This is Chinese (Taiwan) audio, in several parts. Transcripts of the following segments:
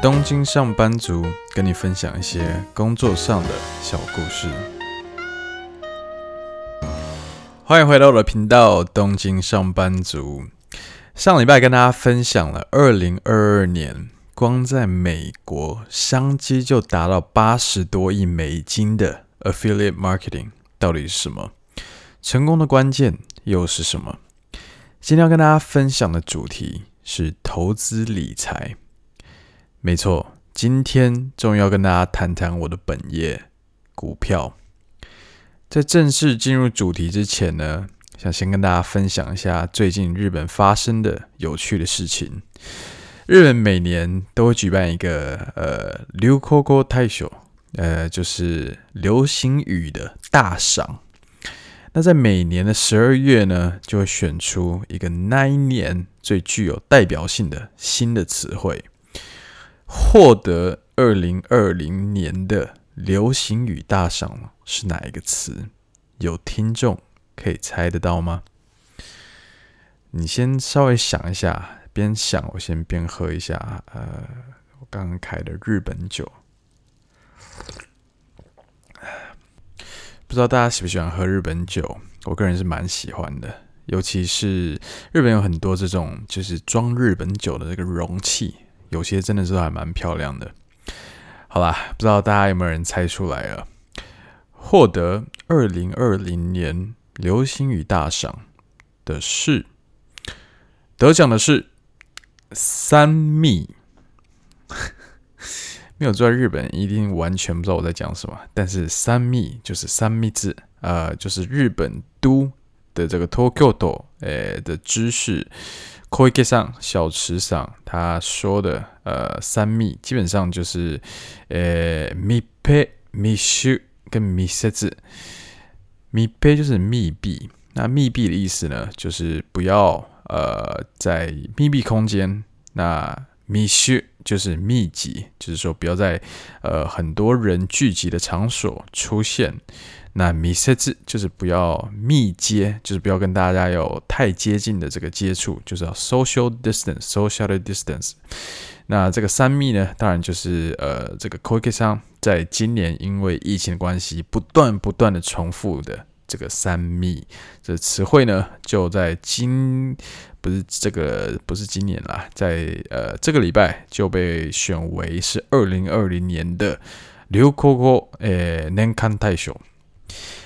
東京上班族跟你分享一些工作上的小故事。歡迎回到我的頻道，東京上班族。上禮拜跟大家分享了二零二二年光在美國商機就達到八十多億美金的 Affiliate Marketing 到底是什麼？成功的關鍵又是什麼？今天要跟大家分享的主題是投資理財。沒錯，今天終於要跟大家談談我的本業——股票。在正式進入主題之前呢，想先跟大家分享一下最近日本發生的有趣的事情。日本每年都會舉辦一個呃流行語大賞，呃，就是流行語的大賞。那在每年的十二月呢，就會選出一個那一年最具有代表性的新的詞彙。獲得二零二零年的流行語大賞是哪一個詞？有聽眾可以猜得到嗎？你先稍微想一下，邊想我先邊喝一下呃，我剛剛開的日本酒，不知道大家喜不喜歡喝日本酒？我個人是蠻喜歡的，尤其是日本有很多這種就是裝日本酒的這個容器。有些真的是都還蠻漂亮的，好啦，不知道大家有沒有人猜出來了？獲得二零二零年流星雨大賞的是，得獎的是三密。 沒有住在日本，一定完全不知道我在講什麼。但是三密就是三密字，呃，就是日本都的這個東京都，哎、欸、的知識。可以上小池上他說的呃三密，基本上就是呃密閉、密休跟密色置。密閉就是密閉，那密閉的意思呢，就是不要呃在密閉空間。那密休就是密集，就是說不要在呃很多人聚集的場所出現。那密切就是不要密接，就是不要跟大家有太接近的這個接觸，就是要 social distance，social distance。那這個三密呢，當然就是呃這個 c o r e o n 在今年因為疫情的關係，不斷不斷的重複的這個三密這詞彙呢，就在今不是這個不是今年啦，在呃這個禮拜就被選為是二零二零年的流行語，呃，年間大賞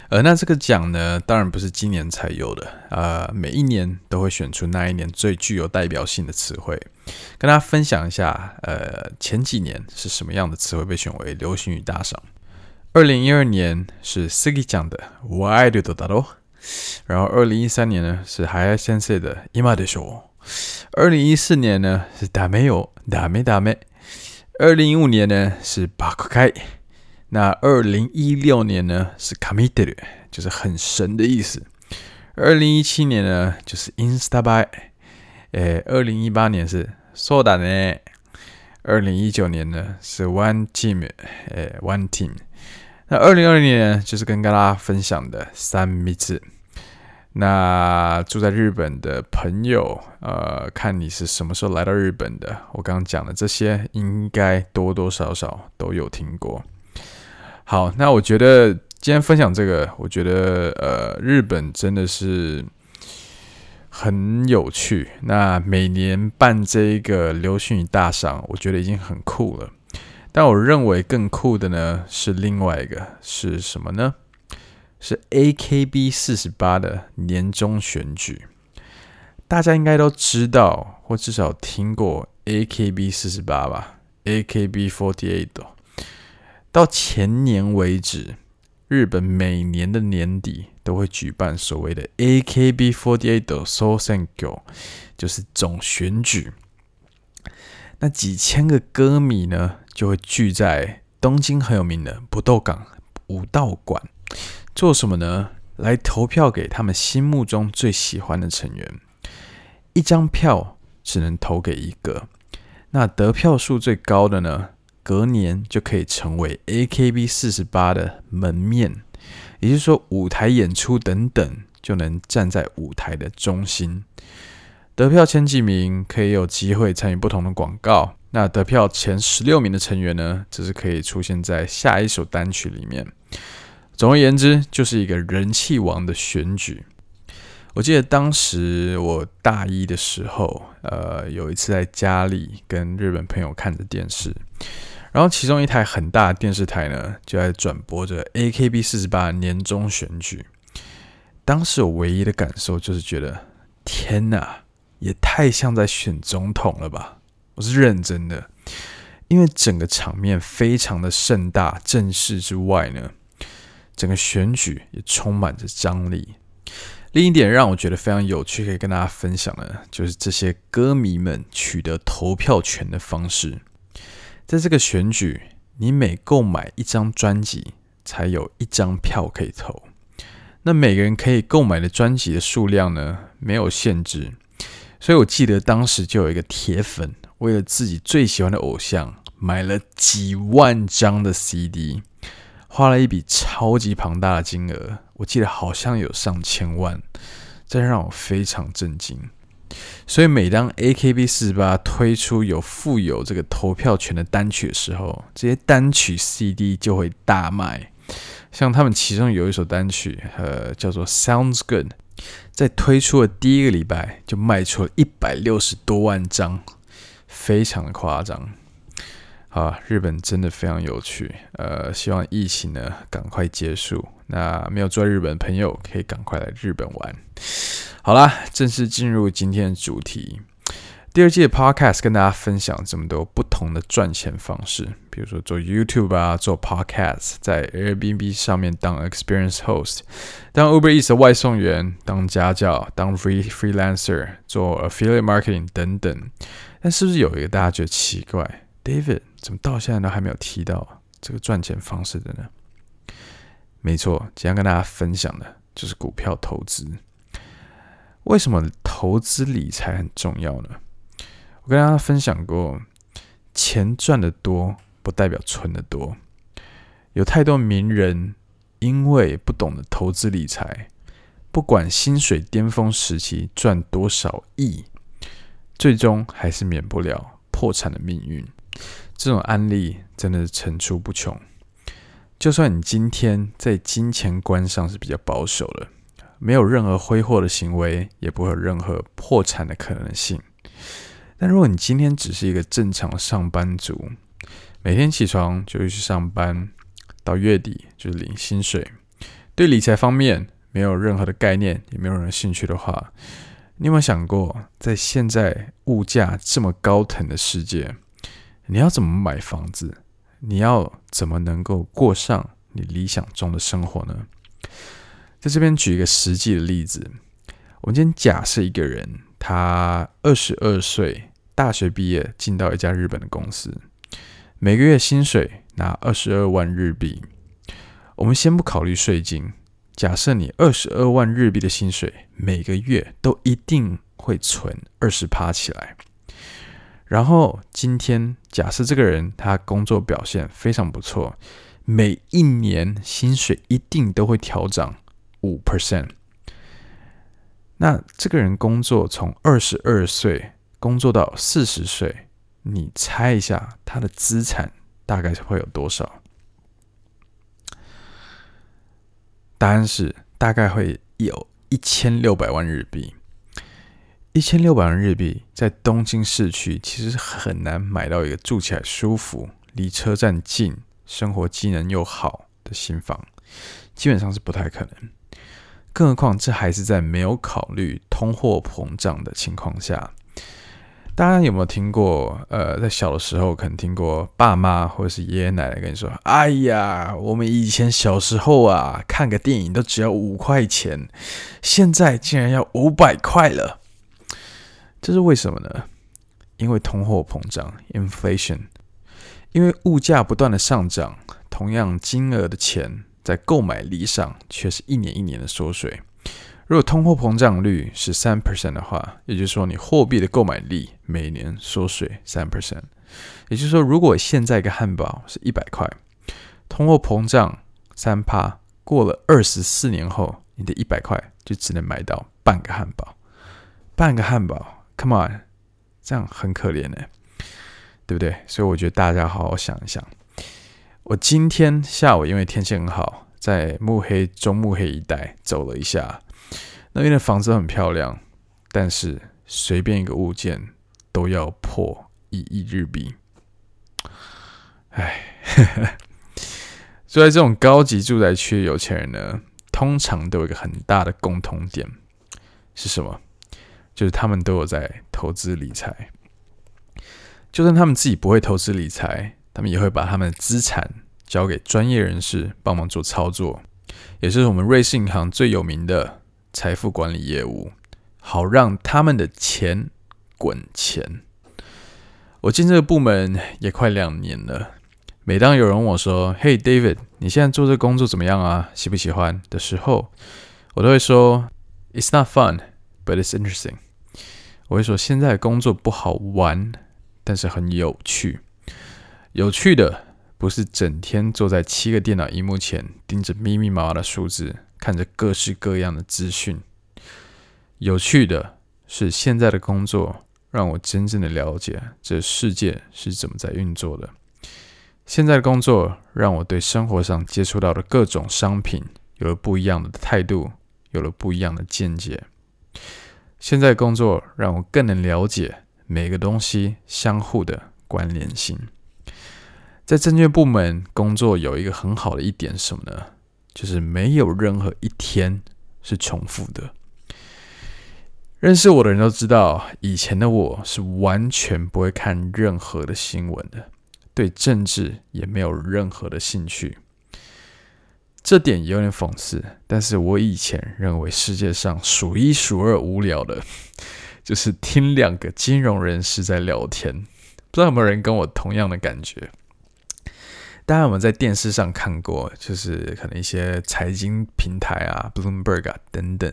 呃，那這個獎呢，當然不是今年才有的，呃，每一年都會選出那一年最具有代表性的詞彙，跟大家分享一下。呃，前幾年是什麼樣的詞彙被選為流行語大賞？二零一二年是 Sugi 醬的ワイルドだろう？然後二零一三年呢是 Hayashi 先生的今でしょ二零一四年呢是ダメよ。ダメダメ二零一五年呢是爆買い。那二零一六年呢是カミテル就是很神的意思。二零一七年呢就是 insta bye，誒，二零一八年是ソーダネ，二零一九年呢是 one team，誒，one team。那二零二零年呢就是跟大家分享的三密。那住在日本的朋友，呃，看你是什麼時候來到日本的，我剛剛講的這些應該多多少少都有聽過。好，那我覺得今天分享這個，我覺得呃，日本真的是很有趣。那每年辦這個流行語大賞，我覺得已經很酷了。但我認為更酷的呢是另外一個，是什麼呢？是 A K B 四十八的年終選舉。大家應該都知道，或至少聽過 A K B 四十八吧？A K B forty eight。到前年為止，日本每年的年底都會舉辦所謂的 AKB48 的總選舉，就是總選舉。那幾千個歌迷呢，就會聚在東京很有名的不斗港武道館，做什麼呢？來投票給他們心目中最喜歡的成員。一張票只能投給一個，那得票數最高的呢？隔年就可以成為 AKB 四十八的門面，也就是說，舞台演出等等就能站在舞台的中心。得票前幾名可以有機會參與不同的廣告，那得票前十六名的成員呢，則是可以出現在下一首單曲裡面。總而言之，就是一個人氣王的選舉。我記得當時我大一的時候，呃，有一次在家裡跟日本朋友看着電視，然後其中一台很大的電視台呢，就在轉播着 AKB48 年終選舉。當時我唯一的感受就是覺得，天哪，也太像在選總統了吧！我是認真的，因為整個場面非常的盛大、正式之外呢，整個選舉也充滿着張力。另一點讓我覺得非常有趣，可以跟大家分享的，就是這些歌迷們取得投票權的方式。在這個選舉，你每購買一張專輯，才有一張票可以投。那每個人可以購買的專輯的數量呢，沒有限制。所以我記得當時就有一個鐵粉，為了自己最喜歡的偶像，買了幾萬張的 CD。花了一筆超級龐大的金額，我記得好像有上千萬，這讓我非常震驚。所以，每當 AKB48 推出有附有這個投票權的單曲的時候，這些單曲 CD 就會大賣。像他們其中有一首單曲，呃，叫做 Sounds Good，在推出的第一個禮拜就賣出了一百六十多萬張，非常的誇張。好、啊，日本真的非常有趣。呃，希望疫情呢趕快結束。那沒有住在日本的朋友可以趕快來日本玩。好啦，正式進入今天的主題。第二季的 Podcast 跟大家分享這麼多不同的賺錢方式，比如說做 YouTube 啊，做 Podcast，在 Airbnb 上面當 Experience Host，當 Uber Eats 的外送員，當家教，當 Freelancer，fre 做 Affiliate Marketing 等等。但是不是有一個大家覺得奇怪？David 怎麼到現在都還沒有提到這個賺錢方式的呢？沒錯，今天跟大家分享的就是股票投資。為什麼投資理財很重要呢？我跟大家分享過，錢賺得多不代表存得多。有太多名人因為不懂得投資理財，不管薪水巔峰時期賺多少億，最終還是免不了破產的命運。這種案例真的是層出不窮。就算你今天在金錢觀上是比較保守的，沒有任何揮霍的行為，也不會有任何破產的可能性。但如果你今天只是一個正常的上班族，每天起床就會去上班，到月底就領薪水，對理財方面沒有任何的概念，也沒有任何興趣的話，你有沒有想過，在現在物價這麼高騰的世界？你要怎麼買房子？你要怎麼能夠過上你理想中的生活呢？在這邊舉一個實際的例子，我們今天假設一個人，他二十二歲，大學畢業進到一家日本的公司，每個月薪水拿二十二萬日幣。我們先不考慮稅金，假設你二十二萬日幣的薪水，每個月都一定會存二十趴起來。然後今天，假設這個人他工作表現非常不錯，每一年薪水一定都會調漲五 percent。那這個人工作從二十二歲工作到四十歲，你猜一下他的資產大概會有多少？答案是大概會有一千六百萬日幣。一千六百萬日幣在東京市區其實很難買到一個住起來舒服、離車站近、生活機能又好的新房，基本上是不太可能。更何況這還是在沒有考慮通貨膨脹的情況下。大家有沒有聽過？呃，在小的時候可能聽過爸媽或者是爺爺奶奶跟你說：“哎呀，我們以前小時候啊，看個電影都只要五塊錢，現在竟然要五百塊了。”這是為什麼呢？因為通貨膨脹 （inflation），因為物價不斷的上漲，同樣金額的錢在購買力上卻是一年一年的縮水。如果通貨膨脹率是三 percent 的話，也就是說你貨幣的購買力每年縮水三 percent。也就是說，如果現在一個漢堡是一百塊，通貨膨脹三趴，過了二十四年後，你的一百塊就只能買到半個漢堡，半個漢堡。Come on，這樣很可憐呢、欸，對不對？所以我覺得大家好好想一想。我今天下午因為天氣很好，在目黑中目黑一帶走了一下，那邊的房子很漂亮，但是隨便一個物件都要破一億日幣。哎， 住在這種高級住宅區的有錢人呢，通常都有一個很大的共同點，是什麼？就是他們都有在投資理財，就算他們自己不會投資理財，他們也會把他們的資產交給專業人士幫忙做操作，也是我們瑞士銀行最有名的財富管理業務，好讓他們的錢滾錢。我進這個部門也快兩年了，每當有人問我說：“嘿，Hey，David，你現在做這個工作怎麼樣啊？喜不喜歡？”的時候，我都會說：“It's not fun。” But it's interesting。我會說，現在的工作不好玩，但是很有趣。有趣的不是整天坐在七個電腦熒幕前，盯着密密麻麻的數字，看着各式各樣的資訊。有趣的是，現在的工作讓我真正的了解這世界是怎麼在運作的。現在的工作讓我對生活上接觸到的各種商品有了不一樣的態度，有了不一樣的見解。現在工作讓我更能了解每個東西相互的關聯性。在證券部門工作有一個很好的一點什麼呢？就是沒有任何一天是重複的。認識我的人都知道，以前的我是完全不會看任何的新聞的，對政治也沒有任何的興趣。這點有點諷刺，但是我以前認為世界上數一數二無聊的，就是聽兩個金融人士在聊天。不知道有沒有人跟我同樣的感覺？大家有沒有在電視上看過？就是可能一些財經平台啊，Bloomberg 啊等等，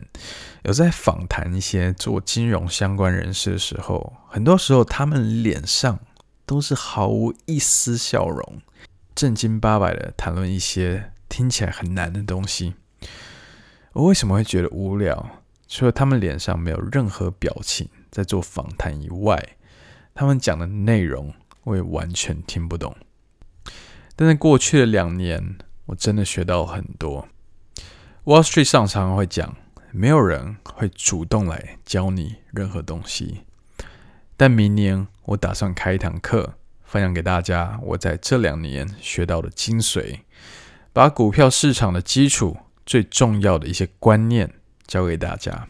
有在訪談一些做金融相關人士的時候，很多時候他們臉上都是毫無一絲笑容，正經八百的談論一些。聽起來很難的東西，我為什麼會覺得無聊？除了他們臉上沒有任何表情，在做訪談以外，他們講的內容我也完全聽不懂。但在過去的兩年，我真的學到很多。Wall Street 上常常會講，沒有人會主動來教你任何東西。但明年我打算開一堂課，分享給大家我在這兩年學到的精髓。把股票市場的基礎最重要的一些觀念教給大家。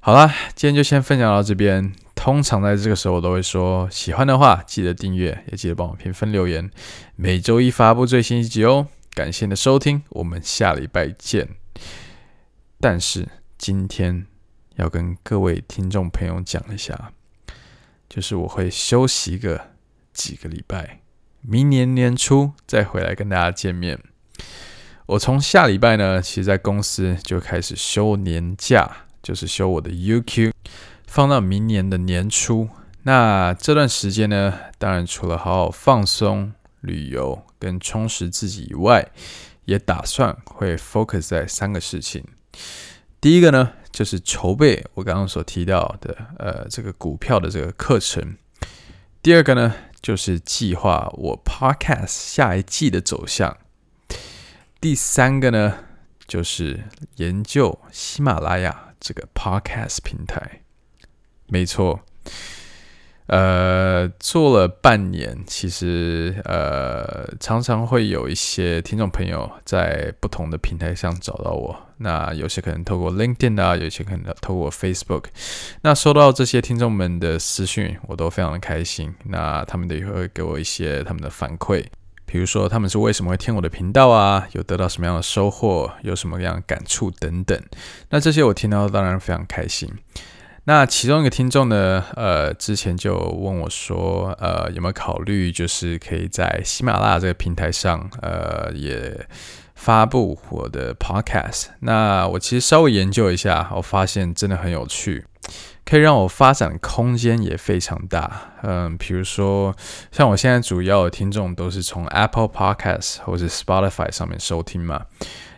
好了，今天就先分享到這邊。通常在這個時候，我都會說，喜歡的話記得訂閱，也記得幫我評分留言。每週一發布最新一集哦。感謝你的收聽，我們下禮拜見。但是今天要跟各位聽眾朋友講一下，就是我會休息一個幾個禮拜。明年年初再回來跟大家見面。我從下禮拜呢，其實在公司就開始休年假，就是休我的 UQ，放到明年的年初。那這段時間呢，當然除了好好放鬆、旅遊跟充實自己以外，也打算會 focus 在三個事情。第一個呢，就是籌備我剛剛所提到的，呃，這個股票的這個課程。第二個呢。就是計劃我 podcast 下一季的走向。第三個呢，就是研究喜馬拉雅這個 podcast 平台。沒錯。呃，做了半年，其實呃，常常會有一些聽眾朋友在不同的平台上找到我。那有些可能透過 LinkedIn 啊，有些可能透過 Facebook。那收到這些聽眾們的私訊，我都非常的開心。那他們也會給我一些他們的反饋，比如說他們是為什麼會聽我的頻道啊，有得到什麼樣的收穫，有什麼樣的感觸等等。那這些我聽到當然非常開心。那其中一個聽眾呢，呃，之前就問我說，呃，有沒有考慮就是可以在喜馬拉雅這個平台上，呃，也發布我的 podcast？那我其實稍微研究一下，我發現真的很有趣，可以讓我發展空間也非常大。嗯、呃，比如說，像我現在主要的聽眾都是從 Apple Podcast 或者 Spotify 上面收聽嘛。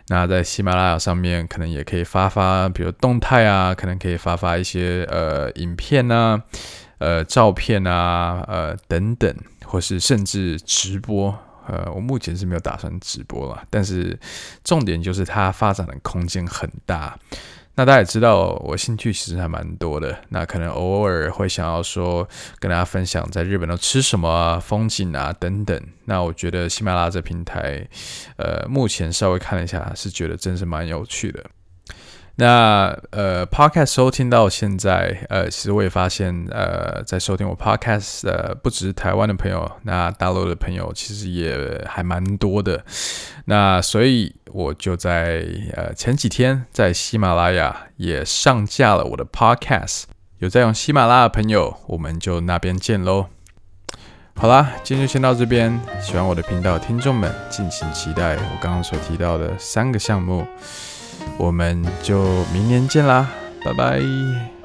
那在喜馬拉雅上面，可能也可以發發，比如動態啊，可能可以發發一些呃影片啊、呃照片啊、呃等等，或是甚至直播。呃，我目前是沒有打算直播了，但是重點就是它發展的空間很大。那大家也知道，我興趣其實還蠻多的。那可能偶爾會想要說跟大家分享在日本都吃什麼啊、風景啊等等。那我覺得喜馬拉雅這平台，呃，目前稍微看了一下，是覺得真是蠻有趣的。那呃，podcast 收聽到現在，呃，其實我也發現，呃，在收聽我 podcast 的、呃、不止台灣的朋友，那大陸的朋友其實也還蠻多的。那所以我就在呃前幾天在喜馬拉雅也上架了我的 podcast，有在用喜馬拉雅的朋友，我們就那邊見嘍。好啦，今天就先到這邊，喜歡我的頻道的聽眾們，敬請期待我剛剛所提到的三個項目。我們就明年見啦，拜拜。